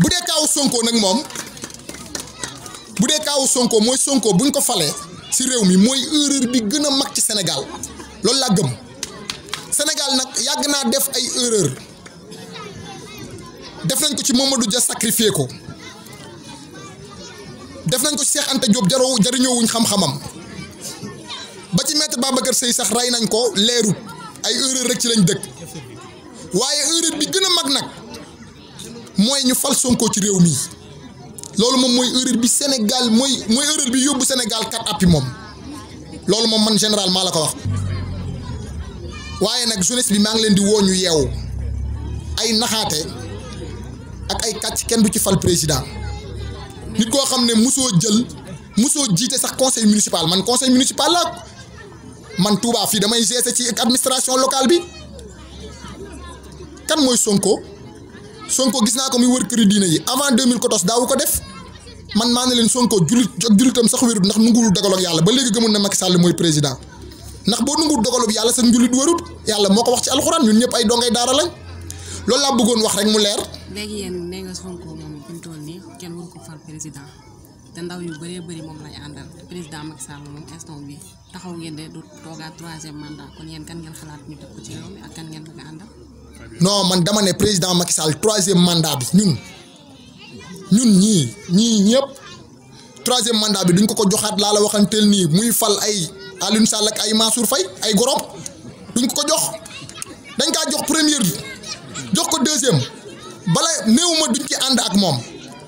bu dee kaawu Sonko nag moom bu dee kaawu Sonko mooy Sonko buñ ko falee ci réew mi mooy erreur bi gën a mag ci Sénégal loolu laa gëm senegal nag yàgg naa def ay erreur def nañ ko ci du Dia sacrifié ko. def nañ ko Cheikh Anta Diop jaroo jariñoowuñ xam-xamam ba ci maître Babacar Seye sax rey nañ ko leeru ay erreur rek ci lañ dëkk waaye erreur bi gën a mag nag mooy ñu fal Sonko ci réew mi loolu moom mooy erreur bi Sénégal mooy mooy erreur bi yóbbu Sénégal kat appi moom loolu moom man général maa la ko wax waaye nag jeunesse bi maa ngi leen di woo ñu yeewu ay naxaate ak ay kàcc kenn du ci fal président nit koo xam ne musoo jël musoo jiite sax conseil municipal man conseil municipal la man Touba fii damay gérer ci administration locale bi kan mooy Sonko Sonko gis naa ko muy wër këri diine yi avant 2000 kotos daawu ko def man maa ne leen Sonko jullit jullitam sax wérut ndax nungul dogaloo yàlla ba léegi gëmul na Macky Sall mooy président ndax boo nungul dogaloo yàlla sa njullit wérut yàlla moo ko wax ci alxuraan ñun ñëpp ay dongay daara lañ loolu laa bëggoon wax rek mu leer. léegi yéen nee nga Sonko moom fi mu nii kenn waru ko fal président te ndaw yu bëree bëri moom lañ àndal président Macky Sall moom instant taxaw ngeen de du toogaat troisième mandat kon yéen kan ngeen xalaat ñu def ko kan ngeen bëgg non man dama ne président Macky Sall troisième mandat bi ñun ñun ñii ñii ñëpp troisième mandat bi duñ ko ko joxaat laa la waxanteel nii muy fal ay Aliou Sall ak ay Mansour Faye ay gorom duñ ko ko jox dañ kaa jox première bi néew ma duñ ci ànd ak moom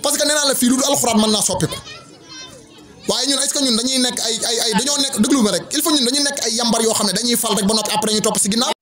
parce que nee naa la fii lu du alxuraan mën naa soppiku waaye ñun est-ce ñun dañuy nekk ay ay ay dañoo nekk déglu ma rek il faut ñun dañuy nekk ay yambar yoo xam ne dañuy fal rek ba noppi après ñu topp si ginnaaw.